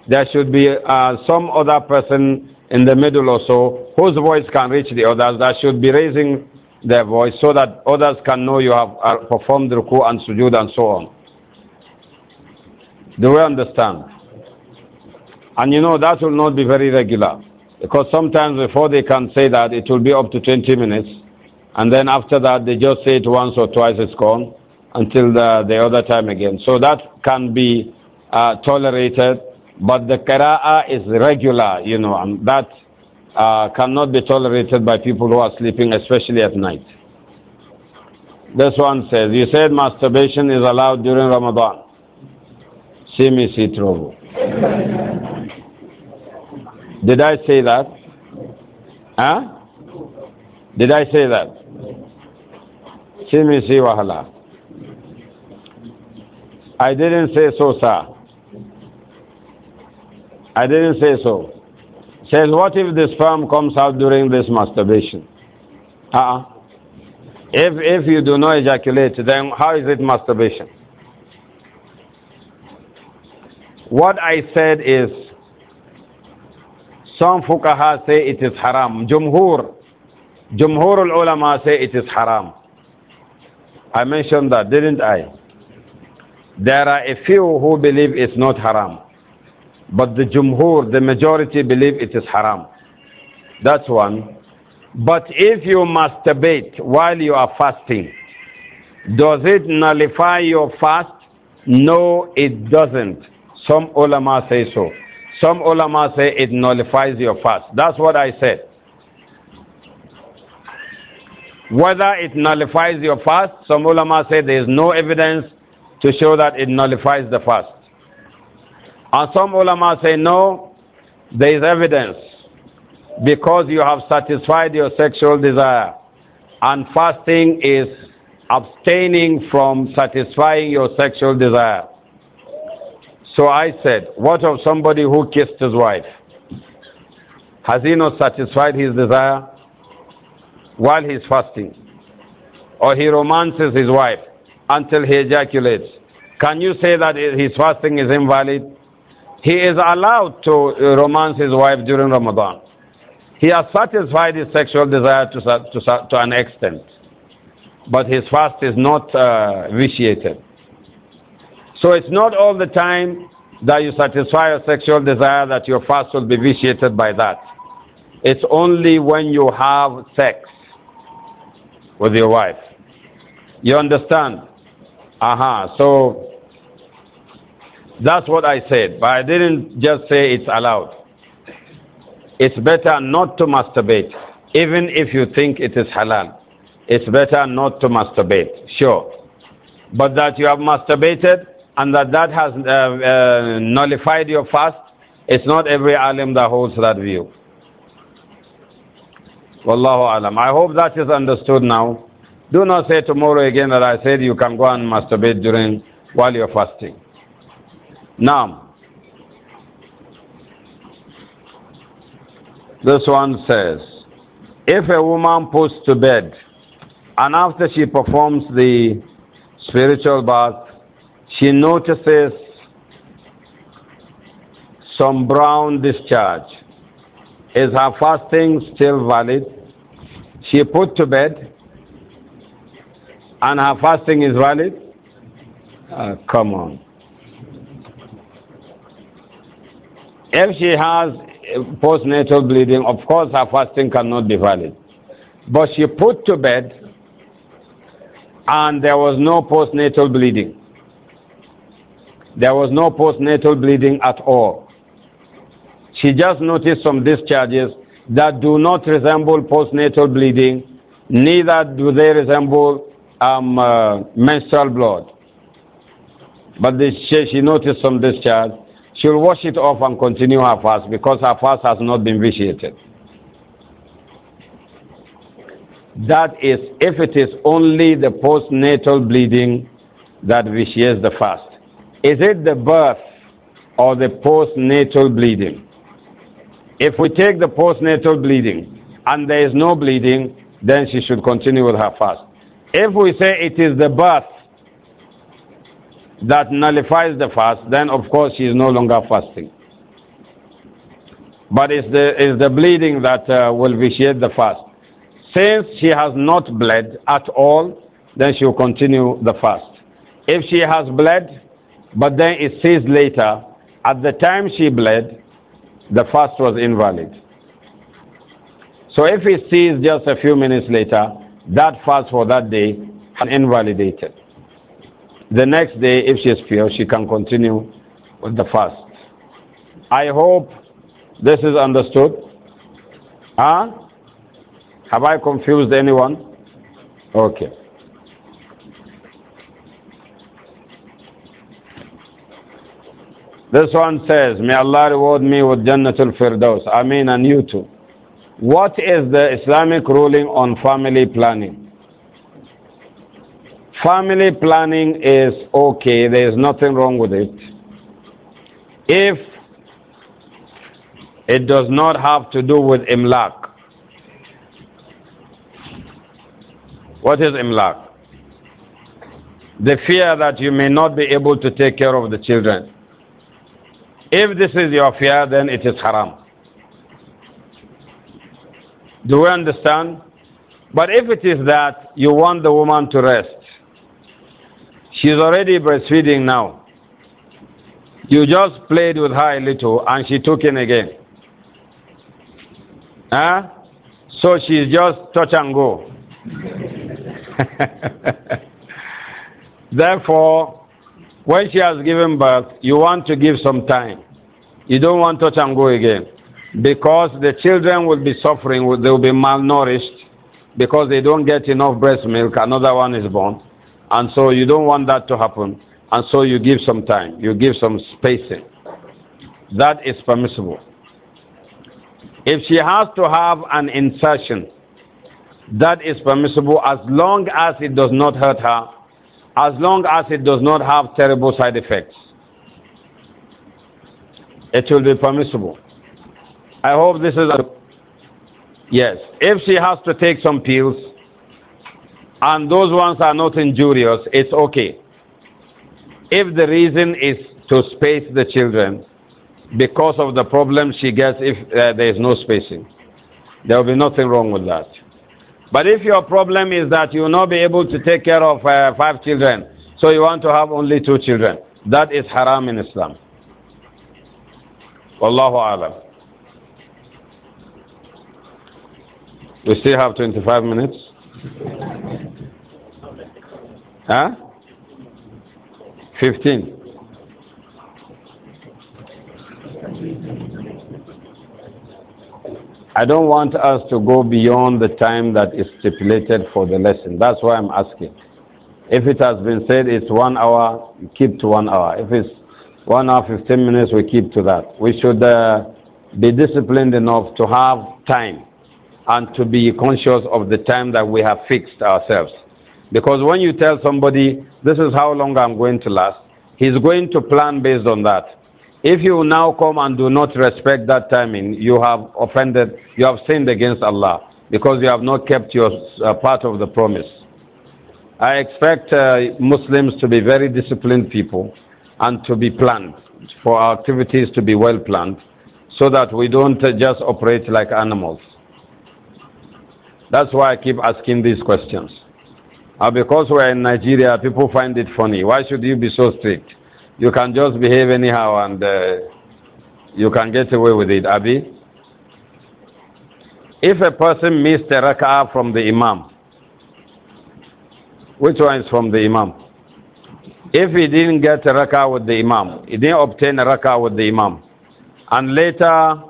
there should be uh, some other person in the middle or so, whose voice can reach the others, that should be raising their voice so that others can know you have performed ruku and sujud and so on. Do we understand? And you know, that will not be very regular because sometimes before they can say that, it will be up to 20 minutes. And then after that, they just say it once or twice, it's gone until the, the other time again. So that can be uh, tolerated but the qira'ah is regular, you know, and that uh, cannot be tolerated by people who are sleeping, especially at night. This one says, you said masturbation is allowed during Ramadan. See me see trouble. Did I say that? Huh? Did I say that? See me see wahala. I didn't say so, sir. I didn't say so. Says, what if the sperm comes out during this masturbation? uh -uh. If, if you do not ejaculate, then how is it masturbation? What I said is, some fuqaha say it is haram. Jumhur, Jumhur ulama say it is haram. I mentioned that, didn't I? There are a few who believe it's not haram. But the jumhur, the majority believe it is haram. That's one. But if you masturbate while you are fasting, does it nullify your fast? No, it doesn't. Some ulama say so. Some ulama say it nullifies your fast. That's what I said. Whether it nullifies your fast, some ulama say there is no evidence to show that it nullifies the fast. And some ulama say, no, there is evidence because you have satisfied your sexual desire. And fasting is abstaining from satisfying your sexual desire. So I said, what of somebody who kissed his wife? Has he not satisfied his desire while he's fasting? Or he romances his wife until he ejaculates? Can you say that his fasting is invalid? He is allowed to uh, romance his wife during Ramadan. He has satisfied his sexual desire to, to, to an extent, but his fast is not uh, vitiated. So it's not all the time that you satisfy your sexual desire that your fast will be vitiated by that. It's only when you have sex with your wife. You understand? Aha. Uh -huh. So that's what I said, but I didn't just say it's allowed. It's better not to masturbate, even if you think it is halal. It's better not to masturbate, sure. But that you have masturbated and that that has uh, uh, nullified your fast, it's not every alim that holds that view. Wallahu alam. I hope that is understood now. Do not say tomorrow again that I said you can go and masturbate during while you're fasting. Now, this one says, if a woman puts to bed and after she performs the spiritual bath, she notices some brown discharge. Is her fasting still valid? She put to bed and her fasting is valid? Ah, come on. If she has postnatal bleeding, of course her fasting cannot be valid. But she put to bed and there was no postnatal bleeding. There was no postnatal bleeding at all. She just noticed some discharges that do not resemble postnatal bleeding, neither do they resemble um, uh, menstrual blood. But this, she, she noticed some discharge She'll wash it off and continue her fast because her fast has not been vitiated. That is, if it is only the postnatal bleeding that vitiates the fast. Is it the birth or the postnatal bleeding? If we take the postnatal bleeding and there is no bleeding, then she should continue with her fast. If we say it is the birth that nullifies the fast, then of course she is no longer fasting. But it's the, it's the bleeding that uh, will vitiate the fast. Since she has not bled at all, then she will continue the fast. If she has bled, but then it ceased later, at the time she bled, the fast was invalid. So if it ceased just a few minutes later, that fast for that day is invalidated. The next day, if she is she can continue with the fast. I hope this is understood. Huh? Have I confused anyone? Okay. This one says, May Allah reward me with Jannatul Firdaus. I mean, and you too. What is the Islamic ruling on family planning? Family planning is okay, there is nothing wrong with it. If it does not have to do with imlak. What is imlak? The fear that you may not be able to take care of the children. If this is your fear, then it is haram. Do we understand? But if it is that you want the woman to rest, She's already breastfeeding now. You just played with her a little and she took in again. Huh? So she's just touch and go. Therefore, when she has given birth, you want to give some time. You don't want touch and go again. Because the children will be suffering, they will be malnourished because they don't get enough breast milk. Another one is born. And so you don't want that to happen. And so you give some time, you give some spacing. That is permissible. If she has to have an insertion, that is permissible as long as it does not hurt her, as long as it does not have terrible side effects. It will be permissible. I hope this is a. Yes. If she has to take some pills, and those ones are not injurious, it's okay. If the reason is to space the children because of the problem she gets if uh, there is no spacing, there will be nothing wrong with that. But if your problem is that you will not be able to take care of uh, five children, so you want to have only two children, that is haram in Islam. Wallahu alam. We still have 25 minutes. Huh? 15. I don't want us to go beyond the time that is stipulated for the lesson. That's why I'm asking. If it has been said it's one hour, keep to one hour. If it's one hour, 15 minutes, we keep to that. We should uh, be disciplined enough to have time and to be conscious of the time that we have fixed ourselves. Because when you tell somebody, this is how long I'm going to last, he's going to plan based on that. If you now come and do not respect that timing, you have offended, you have sinned against Allah because you have not kept your uh, part of the promise. I expect uh, Muslims to be very disciplined people and to be planned, for our activities to be well planned, so that we don't uh, just operate like animals. That's why I keep asking these questions. Uh, because we're in Nigeria, people find it funny. Why should you be so strict? You can just behave anyhow and uh, you can get away with it, Abi. If a person missed a rak'ah from the imam, which one is from the imam? If he didn't get a rak'ah with the imam, he didn't obtain a rak'ah with the imam, and later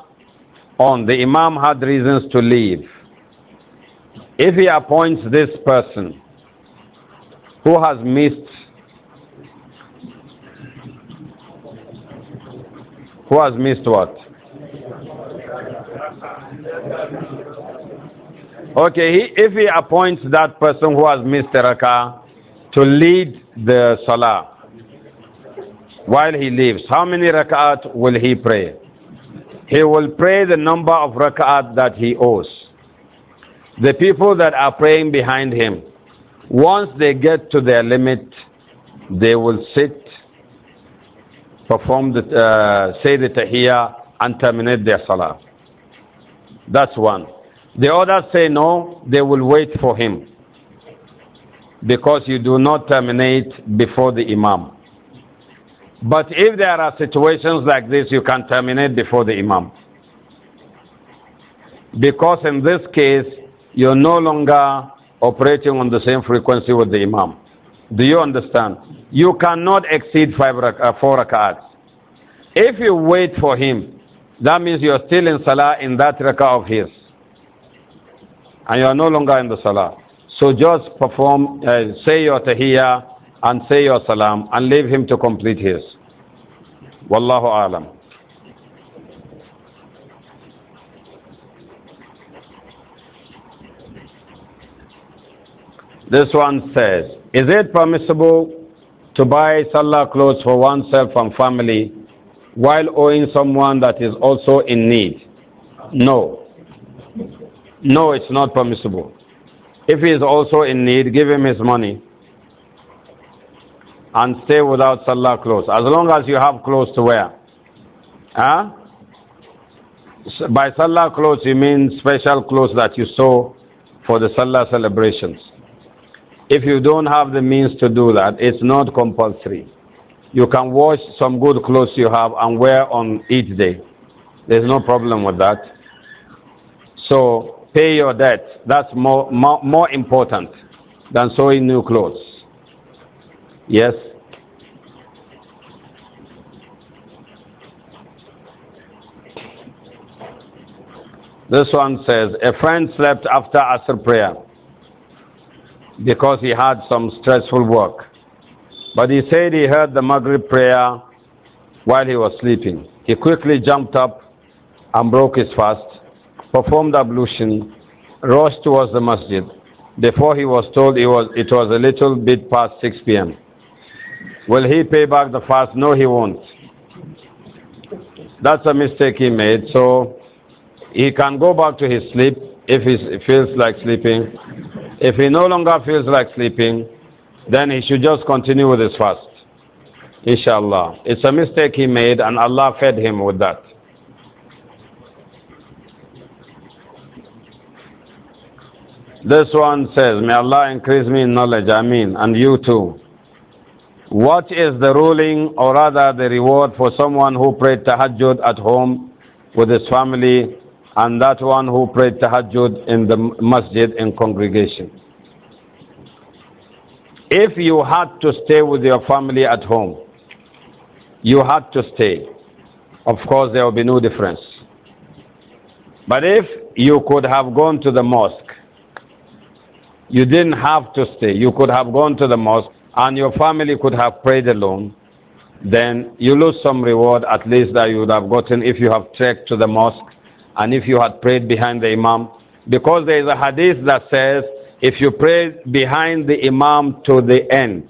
on the imam had reasons to leave, if he appoints this person who has missed who has missed what? Okay, he, if he appoints that person who has missed Raqqa to lead the Salah while he leaves, how many Rak'at will he pray? He will pray the number of Rak'at that he owes. The people that are praying behind him, once they get to their limit, they will sit, perform the, uh, say the tahiyya, and terminate their salah. That's one. The others say no, they will wait for him. Because you do not terminate before the imam. But if there are situations like this, you can terminate before the imam. Because in this case, you're no longer operating on the same frequency with the Imam. Do you understand? You cannot exceed five rak- uh, four rak'ats. If you wait for him, that means you're still in salah in that rak'ah of his. And you're no longer in the salah. So just perform, uh, say your tahiyyah and say your salam and leave him to complete his. Wallahu alam. This one says, is it permissible to buy salah clothes for oneself and family while owing someone that is also in need? No. No, it's not permissible. If he is also in need, give him his money and stay without salah clothes. As long as you have clothes to wear. Huh? By salah clothes, you mean special clothes that you sew for the salah celebrations. If you don't have the means to do that, it's not compulsory. You can wash some good clothes you have and wear on each day. There's no problem with that. So pay your debt. That's more, more, more important than sewing new clothes. Yes? This one says, a friend slept after Asr prayer because he had some stressful work. But he said he heard the Maghrib prayer while he was sleeping. He quickly jumped up and broke his fast, performed ablution, rushed towards the masjid. Before he was told it was, it was a little bit past 6 p.m. Will he pay back the fast? No, he won't. That's a mistake he made. So he can go back to his sleep if he feels like sleeping if he no longer feels like sleeping, then he should just continue with his fast. Inshallah. It's a mistake he made, and Allah fed him with that. This one says, May Allah increase me in knowledge, I mean, and you too. What is the ruling, or rather the reward, for someone who prayed tahajjud at home with his family and that one who prayed tahajjud in the masjid in congregation. If you had to stay with your family at home, you had to stay. Of course, there will be no difference. But if you could have gone to the mosque, you didn't have to stay. You could have gone to the mosque and your family could have prayed alone. Then you lose some reward at least that you would have gotten if you have trekked to the mosque and if you had prayed behind the Imam. Because there is a hadith that says, if you pray behind the Imam to the end,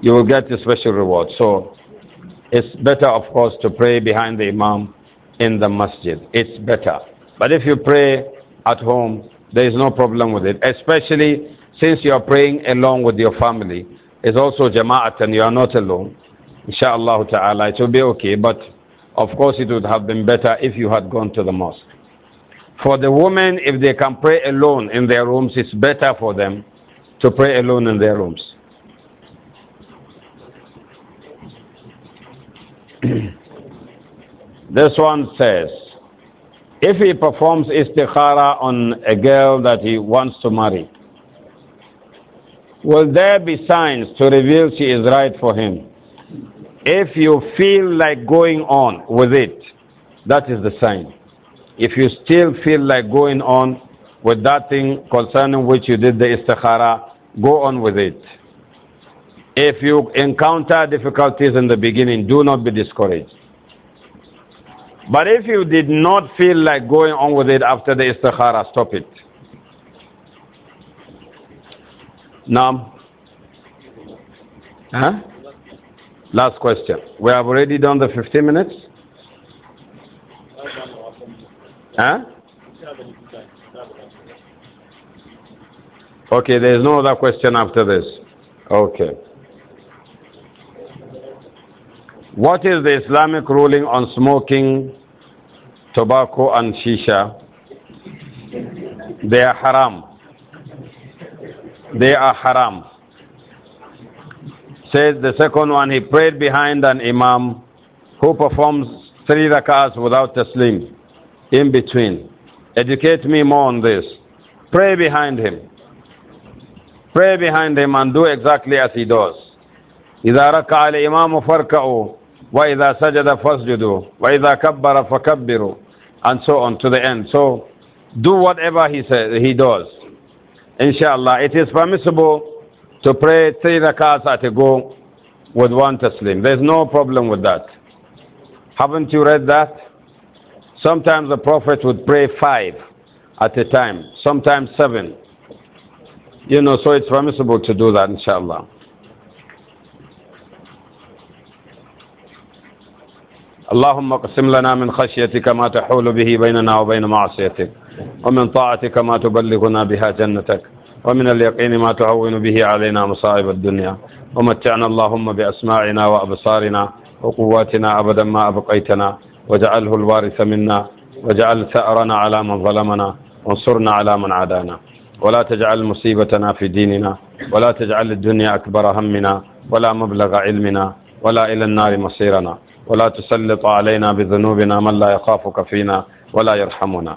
you will get a special reward. So it's better, of course, to pray behind the Imam in the masjid. It's better. But if you pray at home, there is no problem with it, especially since you are praying along with your family. It's also jama'at and you are not alone. Inshallah ta'ala, it will be okay. But of course, it would have been better if you had gone to the mosque. For the women, if they can pray alone in their rooms, it's better for them to pray alone in their rooms. this one says, if he performs istikhara on a girl that he wants to marry, will there be signs to reveal she is right for him? If you feel like going on with it, that is the sign. If you still feel like going on with that thing concerning which you did the istikhara, go on with it. If you encounter difficulties in the beginning, do not be discouraged. But if you did not feel like going on with it after the istikhara, stop it. Now, huh? Last question. We have already done the 15 minutes? Huh? Okay, there is no other question after this. Okay. What is the Islamic ruling on smoking tobacco and shisha? They are haram. They are haram says the second one, he prayed behind an imam who performs three rakahs without taslim in between. Educate me more on this. Pray behind him. Pray behind him and do exactly as he does. إذا ركع الإمام فاركعوا وإذا سجد فاسجدوا وإذا كبر فكبروا and so on to the end. So do whatever he says he does. Inshallah, it is permissible to pray three rakats at a go with one taslim. There's no problem with that. Haven't you read that? Sometimes the Prophet would pray five at a time, sometimes seven. You know, so it's permissible to do that, inshallah. اللهم اقسم لنا من خشيتك ما تحول به بيننا وبين معصيتك ومن طاعتك ما تبلغنا بها جنتك ومن اليقين ما تهون به علينا مصائب الدنيا ومتعنا اللهم بأسماعنا وأبصارنا وقواتنا أبدا ما أبقيتنا واجعله الوارث منا واجعل ثأرنا على من ظلمنا وانصرنا على من عادانا ولا تجعل مصيبتنا في ديننا ولا تجعل الدنيا أكبر همنا ولا مبلغ علمنا ولا إلى النار مصيرنا ولا تسلط علينا بذنوبنا من لا يخافك فينا ولا يرحمنا